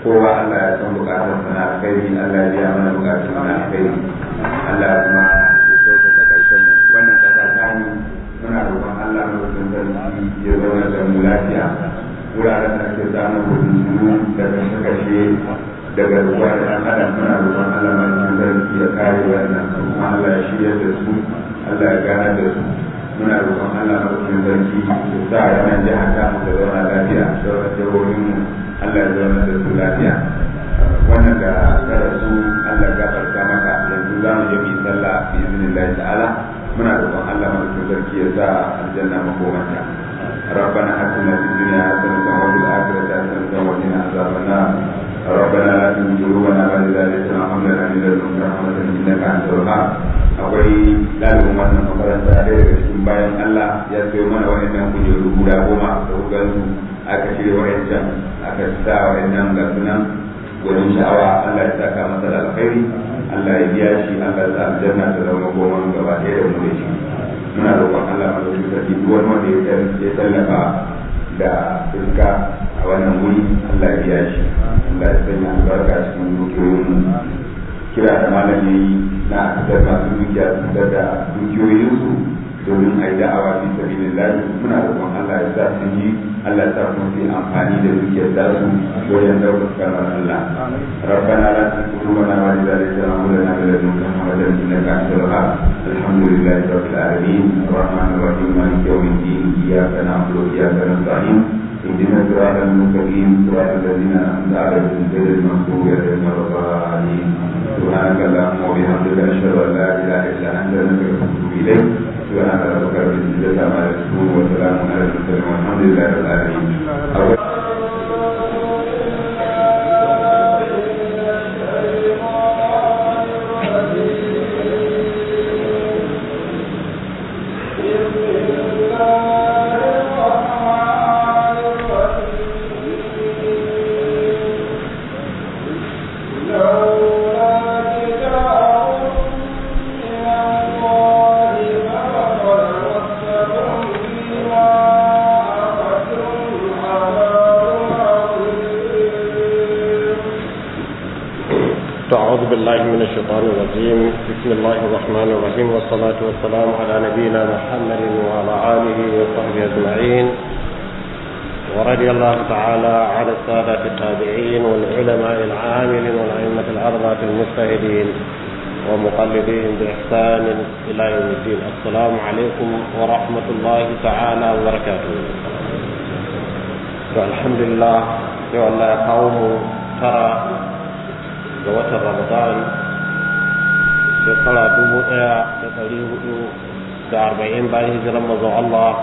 kowa Allah ya san bukatun sana alkhairi Allah ya biya mana bukatun sana alkhairi Allah kuma ya kyautata karshen mu wannan kasa ta ni muna roƙon Allah mu rubutun sarki ya zauna da mu lafiya wuraren da ake samun rubutu da kashe-kashe daga ruwa da ɗan adam muna roƙon Allah mu rubutun sarki ya kare wannan kuma Allah ya shirya da su Allah ya gana da su muna roƙon Allah mutum zarki da sa wannan jiha mu da zauna lafiya sauran jihohin mu Allah ya zauna da su lafiya wannan da ka rasu Allah ya gafarta maka yanzu za mu je mu yi sallah bi iznillah ta'ala muna roƙon Allah mutum zarki ya sa aljanna makomanta ربنا في الدنيا وفي وقنا عذاب النار ربنا لا تزغ قلوبنا بعد هديتنا وهب لنا من لدنك الوهاب akwai ɗalibin wannan makaranta ɗaya daga cikin bayan Allah ya sayo mana wani wa'annan kujeru guda goma da hukansu aka shirya wa wa'ancan aka sa wa wa'annan ga sunan gwanin sha'awa Allah ya saka masa da alkhairi Allah ya biya shi Allah ya sa aljanna ta zama goma gaba ɗaya da mu da shi muna roƙon Allah zai sarki duk wani wanda ya tallafa da iska a wannan wuri Allah ya biya shi Allah ya sanya albarka cikin dukiyoyin kira da malam na fitar da dukiya fitar da su. domin a yi da'awa fi sabilillah muna roƙon Allah ya sa sun yi Allah ya sa kuma su amfani da dukiyar da su wajen daukar kalmar Allah rabbana la tuzigh qulubana ba'da da hadaytana wa hab lana min ladunka rahmatan innaka antal wahhab alhamdulillahi rabbil alamin arrahmanir rahim maliki yawmiddin iyyaka na'budu wa iyyaka nasta'in اهدنا صراط المستقيم صراط الذين انعمت عليهم غير المغضوب عليهم ولا الضالين سبحانك اللهم وبحمدك اشهد ان لا اله الا انت نستغفرك اليك سبحانك ربك رب العزه عما يصفون وسلام على المرسلين والحمد لله رب العالمين الرحيم والصلاة والسلام على نبينا محمد وعلى آله وصحبه أجمعين ورضي الله تعالى عن السادة التابعين والعلماء العاملين والأئمة الأربعة المجتهدين ومقلدين بإحسان إلى يوم الدين السلام عليكم ورحمة الله تعالى وبركاته الحمد لله يا قوم ترى جوات رمضان سنة دبو إيا تتريه إيو تأربعين باري هجر الله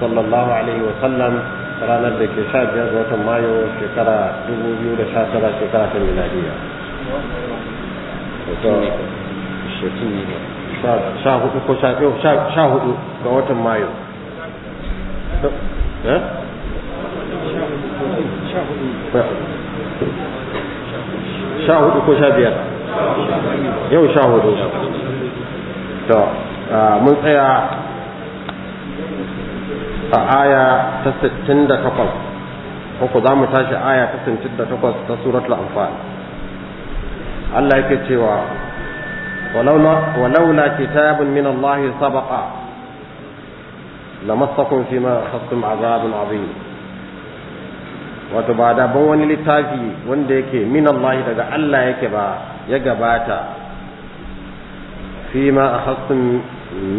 صلى الله عليه وسلم ترى نبدأ كشاد جزوة مايو شكرا دبو إيو لشاسرة شكرا في الميلادية شاهو إيو شاهو إيو مايو شاهو إيو شاهو إيو شاهو إيو شاهو yau sha hudu to mun tsaya a aya ta 68 ko za mu tashi aya ta 68 ta suratul anfal Allah yake cewa ولولا كتاب من الله سبق لمسكم فيما أخذتم عذاب عظيم wato ba da ban wani littafi wanda yake min Allah daga Allah yake ba ya gabata fi ma akhastum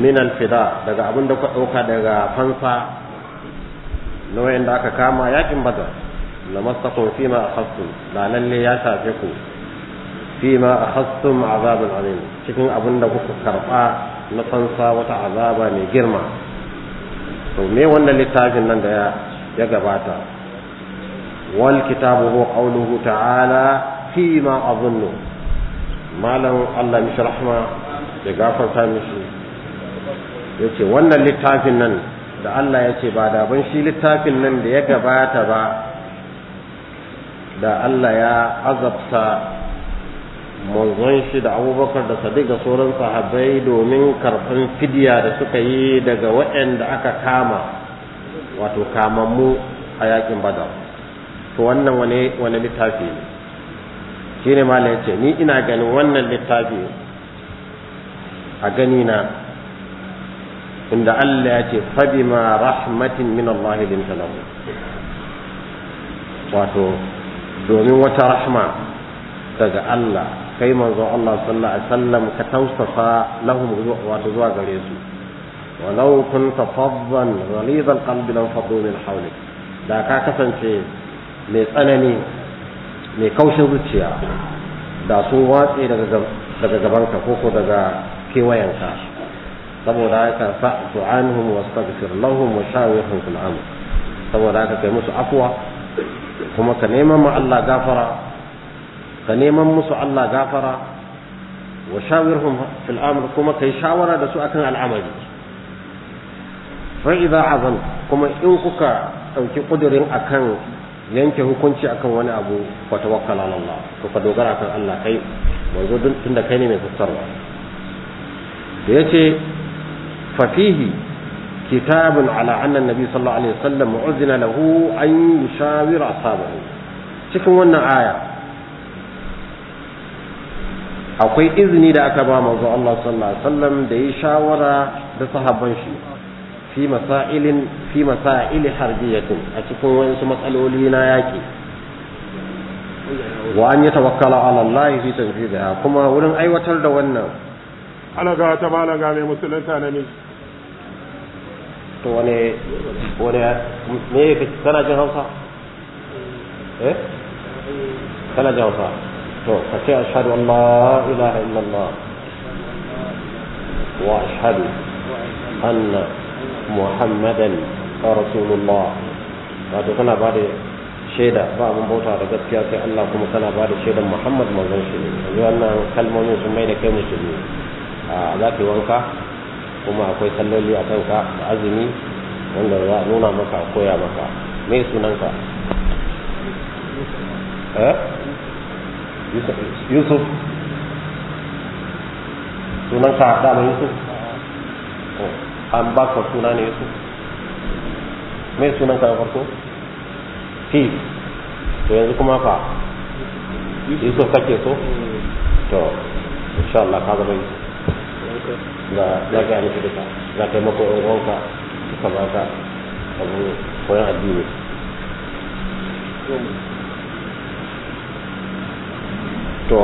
min al-fida daga abin da ku dauka daga fansa na inda aka kama yakin badar lamastakum fi ma akhastum la lalle ya shafe ku fi ma akhastum azabun azim cikin abin da kuka karba na fansa wata azaba mai girma to me wannan littafin nan da ya gabata wal kitabu huwa qawluhu ta'ala fi ma azunnu malam Allah mishi rahma ya gafarta mishi ya ce wannan littafin nan da Allah ya ce ba da ban shi littafin nan da ya gabata ba da Allah ya azabta manzon shi da abubakar da sadi ga sauran sahabbai domin karfin fidiya da suka yi daga waɗanda aka kama wato kamammu a yakin Bada. to wannan wani littafi ne shi ne ma ce ni ina ganin wannan littafi a gani na inda Allah ya ce fabima rahmatin min Allah linta lahu wato domin wata rahma daga Allah kai manzo Allah sallallahu alaihi wasallam ka tausasa lahum wato zuwa gare su walau kunta faddan ghalid alqalb lam faddu min hawlik da ka kasance mai tsanani mai kaushin zuciya da sun watse daga gabanka ko ko daga kewayanka saboda haka fa'fu anhum wastaghfir lahum wa shawirhum fil amr saboda haka kai musu afwa kuma ka neman ma Allah gafara ka neman musu Allah gafara wa shawirhum fil amr kuma kai shawara da su akan al'amari fa idza azam kuma in kuka dauki kudirin akan yanke hukunci akan wani abu fa tawakkal ala Allah ka dogara kan Allah kai manzo tunda kai ne mai fassarwa da yace fafihi kitabun ala anna nabi sallallahu alaihi wasallam mu'zina lahu an yushawira ashabahu cikin wannan aya akwai izini da aka ba manzo Allah sallallahu alaihi wasallam da yi shawara da sahabban shi fi masailin fi masaili harbiyatin a cikin wasu matsaloli na yaki wa an yatawakkala ala Allah fi tanfidiha kuma wurin aiwatar da wannan ana ga ta malam ga mai musulunta na miji to wane wane me yake kana jin hausa eh kana jin hausa to ka ce ashhadu an la ilaha illallah wa ashhadu anna muhammadan rasulullah wato kana ba da shaida ba mun bauta da gaskiya sai Allah kuma kana ba da shaidan Muhammad manzon shi ne yanzu wannan kalmomin sun mai da kai musulmi za ka yi wanka kuma akwai salloli a kanka da azumi wanda za a nuna maka a koya maka me sunanka eh? yusuf sunanka dama yusuf oh, an ba ka suna ne yusuf me sunanka na farko fi to yanzu kuma fa yusuf kake so mm. to insha Allah ka zama yusuf da za ka yi fita ka za ka yi mako yan ka suka ba ka abu koyon addini to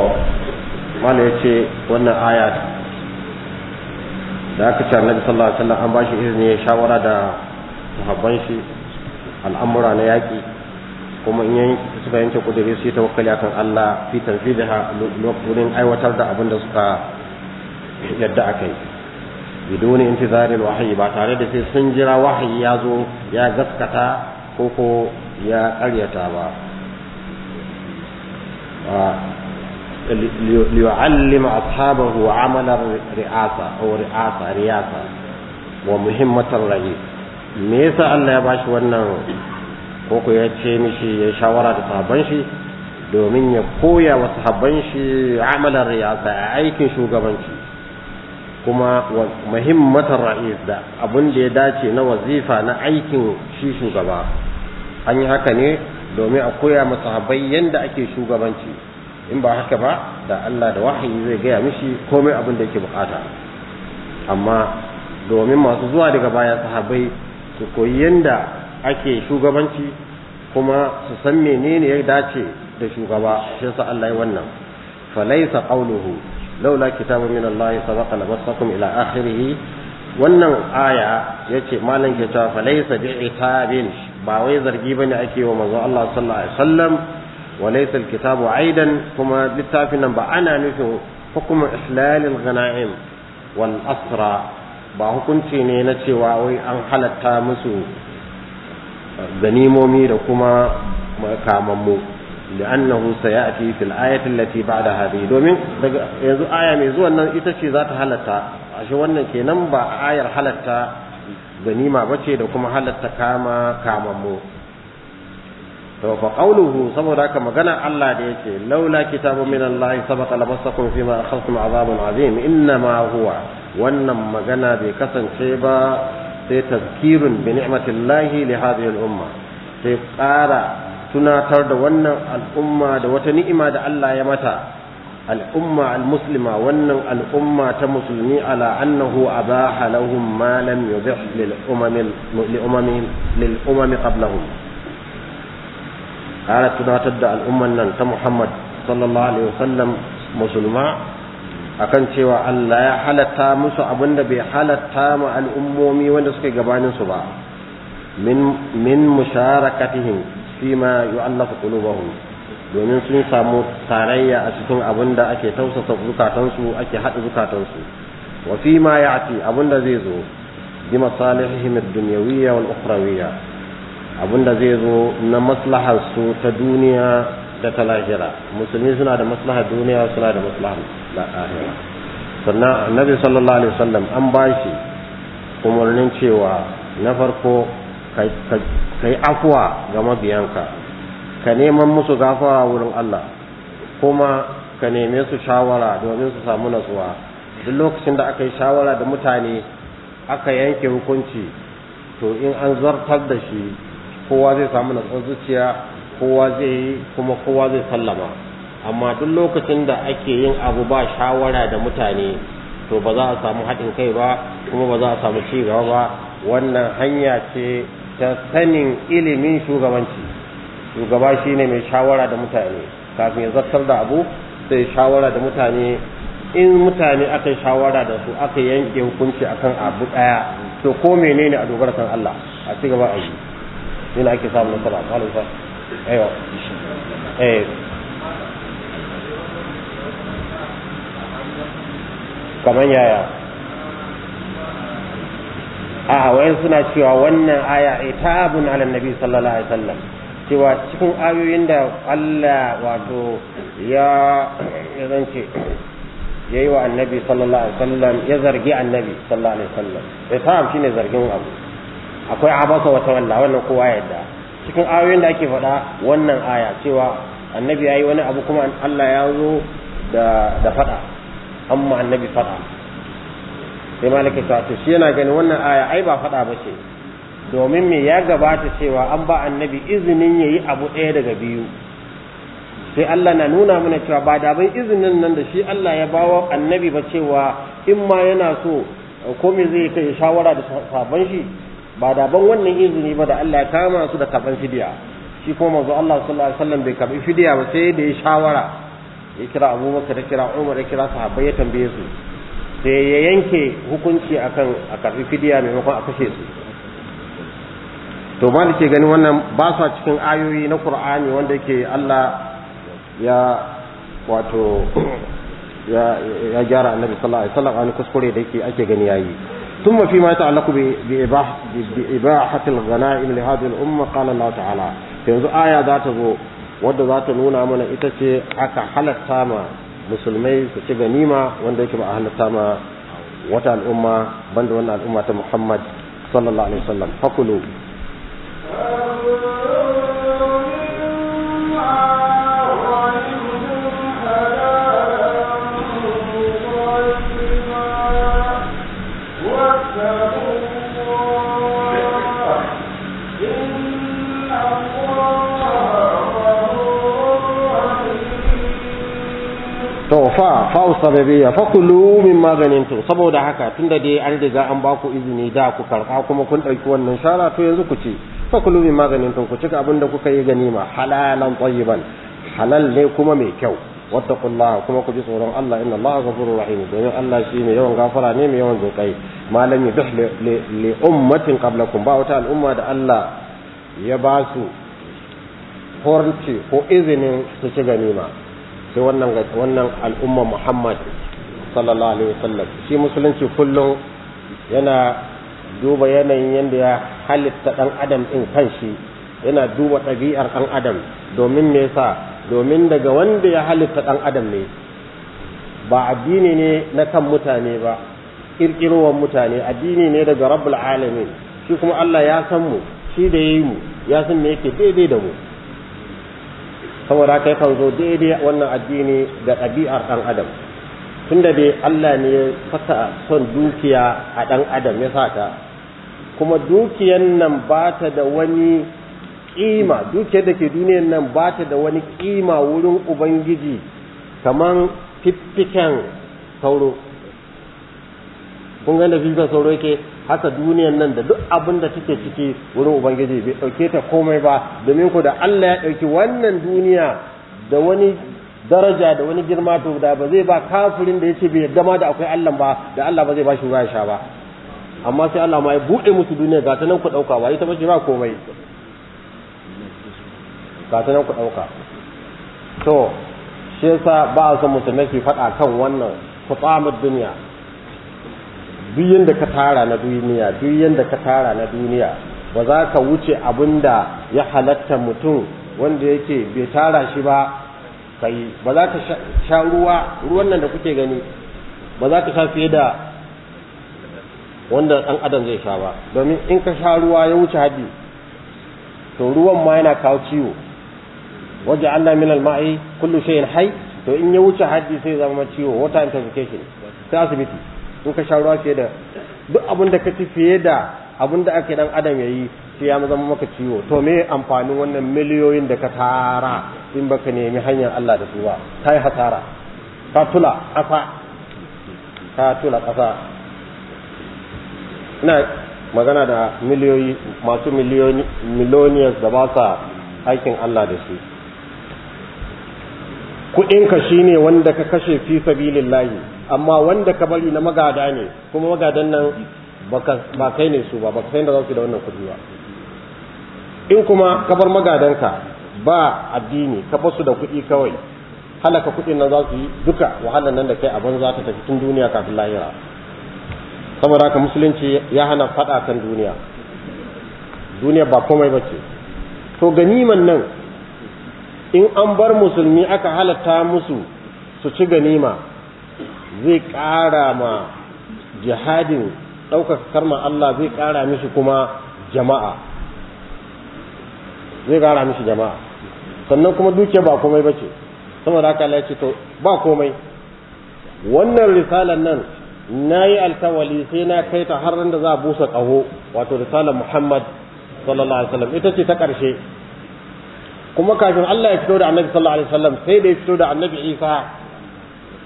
mana ya ce wannan aya da aka ce annabi sallallahu alaihi wasallam an ba shi izini ya shawara da sahabban shi al'amura na yaƙi kuma in suka yanke kudiri su yi tawakkali akan Allah fi tanfidha lokacin aiwatar da abin da suka yadda aka yi biduni intizarin wahayi ba tare da sai sun jira wahayi ya zo ya gaskata ko ko ya karyata ba liyu'allim ashabahu amalar ri'asa ko ri'asa riyasa wa muhimmatar rayi me yasa Allah ya bashi wannan ko ko ya ce mishi ya shawara da sahabban shi domin ya koya wa sahabban shi amalar riyasa a aikin shugabanci kuma muhimmatar ra'is da abin da ya dace na wazifa na aikin shi shugaba an yi haka ne domin a koya masahabai yadda ake shugabanci in ba haka ba da Allah da wahayi zai gaya mishi komai abin da yake bukata amma domin masu zuwa daga baya sahabai su koyi yadda ake shugabanci kuma su san menene ya dace da shugaba shi yasa Allah ya wannan falaisa qauluhu laula kitabun min Allah sabaqa lamassakum ila akhirih wannan aya yace malam ke cewa fa laysa bi'itabin ba wai zargi bane ake wa manzo Allah sallallahu alaihi wasallam wa laysa alkitabu aidan kuma littafin nan ba ana nufin hukumu islalil Gana'im wal asra ba hukunci ne na cewa wai an halatta musu ganimomi da kuma kamammu لأنه سيأتي في الآية التي بعد هذه دومين yanzu آية ميزو أن إتشي ذات حالتا أشو أن كنن با آية حالتا ayar بچي دو كما حالتا كاما كاما مو to fa qawluhu saboda haka magana Allah da yake laula kitabu min Allah sabaqa lamassakum fima akhadhtum azabun azim inna ma huwa wannan magana bai kasance ba sai tazkirun bi li umma sai tunatar da wannan al'umma da wata ni'ima da Allah ya mata al'umma al-muslima wannan al'umma ta musulmi ala annahu abaha lahum ma lam yubih lil umamil lil umamil lil umam qablahum ala tunatar da al'umman nan ta Muhammad sallallahu alaihi wasallam musulma akan cewa Allah ya halatta musu abinda bai halatta ma al'ummomi wanda suke gabanin su ba min min musharakatihim fima yu'allafu qulubuhum domin sun samu tarayya a cikin abin da ake tausasa zukatansu ake haɗa zukatansu wa fima ya'ti abin da zai zo bi masalihihim ad-dunyawiyya wal ukhrawiyya abin da zai zo na maslahar su ta duniya da ta lahira musulmi suna da maslahar duniya suna da maslahar lahira sannan annabi sallallahu alaihi wasallam an bashi umarnin cewa na farko ka yi afuwa ga mabiyanka ka neman musu gafara wurin Allah kuma ka neme su shawara domin su samu natsuwa duk lokacin da aka yi shawara da mutane aka yanke hukunci to in an zartar da shi kowa zai samu natsuwar zuciya kowa zai yi kuma kowa zai sallama amma duk lokacin da ake yin abu ba shawara da mutane to ba za a samu haɗin kai ba kuma ba za a samu ci gaba ba wannan hanya ce ta sanin ilimin shugabanci shugaba shi ne mai shawara da mutane kafin ya zartar da abu sai shawara da mutane in mutane aka shawara da su aka yanke hukunci akan abu daya to ko menene a dogara kan Allah a ci gaba a yi yana ake samun nasara ayo eh kamar yaya a wayan suna cewa wannan aya itabun ala nabi sallallahu alaihi wasallam cewa cikin ayoyin da Allah wato ya zance ya yi wa annabi sallallahu alaihi wasallam ya zargi annabi sallallahu alaihi wasallam itab shine zargin abu akwai abasa wata walla wannan kowa yadda cikin ayoyin da ake faɗa wannan aya cewa annabi ya yi wani abu kuma Allah ya zo da faɗa amma annabi faɗa sai malaka ta to shi yana ganin wannan aya ai ba faɗa ba ce domin me ya gabata cewa an ba annabi izinin ya yi abu ɗaya daga biyu sai Allah na nuna mana cewa ba da bai izinin nan da shi Allah ya bawa annabi ba cewa in ma yana so ko me zai kai shawara da sabon shi ba da ban wannan izini ba da Allah ya kama su da karban fidiya shi kuma manzo Allah sallallahu alaihi wasallam bai karbi fidiya ba sai da ya shawara ya kira Abubakar ya kira Umar ya kira sahabbai ya tambaye su sai ya yanke hukunci akan a karfi fidiya maimakon a kashe su to ke ganin wannan ba su cikin ayoyi na qur'ani wanda ke allah ya wato ya gyara annabi sallallahu alaihi wasallam an kuskure da yake ake gani yayi thumma fi ma ta'allaqu bi ibah bi ibahati al-ghanaim li hadhihi al-umma qala allah ta'ala yanzu aya za ta zo wadda za ta nuna mana ita ce aka halatta ma musulmai su ci ganima wanda yake ba a ma wata al'umma banda wannan al'umma ta Muhammad sallallahu alaihi wasallam fakulu fa fa'u sababiyya fa kulu mimma ganimtum saboda haka tunda dai an riga an ba ku izini da ku karba kuma kun dauki wannan shara to yanzu ku ci fa kulu mimma ganimtum ku ci abin da kuka yi ganima halalan tayyiban halal ne kuma mai kyau wattaqullah kuma ku ji tsoron Allah inna allah ghafurur rahim domin Allah shi ne yawan gafara ne mai yawan zokai malam duk li ummatin qablakum ba wata al'umma da Allah ya ba su horci ko izinin su ci ganima sai wannan wannan al'umma Muhammad sallallahu alaihi wasallam shi musulunci kullum yana duba yanayin yadda ya halitta dan adam din kanshi yana duba ɗabi'ar dan adam domin me yasa domin daga wanda ya halitta dan adam ne ba addini ne na kan mutane ba ƙirƙirowar mutane addini ne daga rabbul alamin shi kuma Allah ya san mu shi da yayi mu ya san me yake daidai da mu saboda yi kan zo daidai wannan addini da ɗabi'ar ɗan adam tunda dai Allah ne ya fata son dukiya a ɗan adam ya sa ta kuma dukiyan nan ba ta da wani ƙima dukiyar da ke duniyan nan ba ta da wani ƙima wurin ubangiji kaman fiffiken sauro kun ga da fiffiken sauro yake haka duniyan nan da duk abin da take ciki wurin ubangiji bai ɗauke ta komai ba domin ku da Allah ya ɗauki wannan duniya da wani daraja da wani girma to da ba zai ba kafirin da yace bai yarda ma da akwai Allah ba da Allah ba zai ba shi ruwa sha ba amma sai Allah ma ya buɗe musu duniya ga ta nan ku dauka ba ita ba ba komai ga ta nan ku dauka to shi yasa ba a san musulmai su faɗa kan wannan kutamar duniya duk yanda ka tara na duniya duk yanda ka tara na duniya ba za ka wuce abin da ya halatta mutum wanda yake bai tara shi ba ka yi ba za ka sha ruwa ruwan nan da kuke gani ba za ka sha fiye da wanda ɗan adam zai sha ba domin in ka sha ruwa ya wuce haɗi to ruwan ma yana kawo ciwo waje Allah min al-ma'i kullu shay'in hayy to in ya wuce haɗi sai zama ciwo water intoxication sai asibiti in ka sha ruwa fiye da duk abin da ka ci fiye da abin da ake dan adam ya yi sai ya zama maka ciwo to me amfanin wannan miliyoyin da ka tara in baka nemi hanyar Allah da su ba yi hasara ta tula kasa ka tula kasa ina magana da miliyoyi masu miliyoni da ba sa aikin Allah da su kuɗinka shine wanda ka kashe fi sabilillahi amma wanda ka bari na magada ne kuma magadan nan ba kai ne su ba ba kai da za su da wannan kudi ba in kuma ka bar magadanka ba addini ka basu da kuɗi kawai halaka kuɗi nan za su yi duka wahalar nan da kai a banza ta tafi tun duniya kafin lahira saboda haka musulunci ya hana faɗa kan duniya duniya ba komai ba ce to ganiman nan in an bar musulmi aka halatta musu su ci ganima zai ƙara ma jihadin ɗaukar karma Allah zai ƙara mishi kuma jama'a zai ƙara mishi jama'a sannan kuma duke ba komai ba ce saboda haka ya ce to ba komai wannan risalar nan na yi alkawali sai na kai ta har da za a busa ƙaho wato risalar Muhammad sallallahu alaihi wasallam ita ce ta ƙarshe kuma kafin Allah ya fito da annabi sallallahu alaihi wasallam sai da ya fito da annabi Isa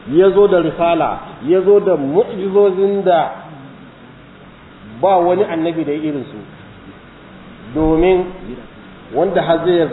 ya zo da risala ya zo da mu'jizozin da ba wani annabi da irinsu domin wanda har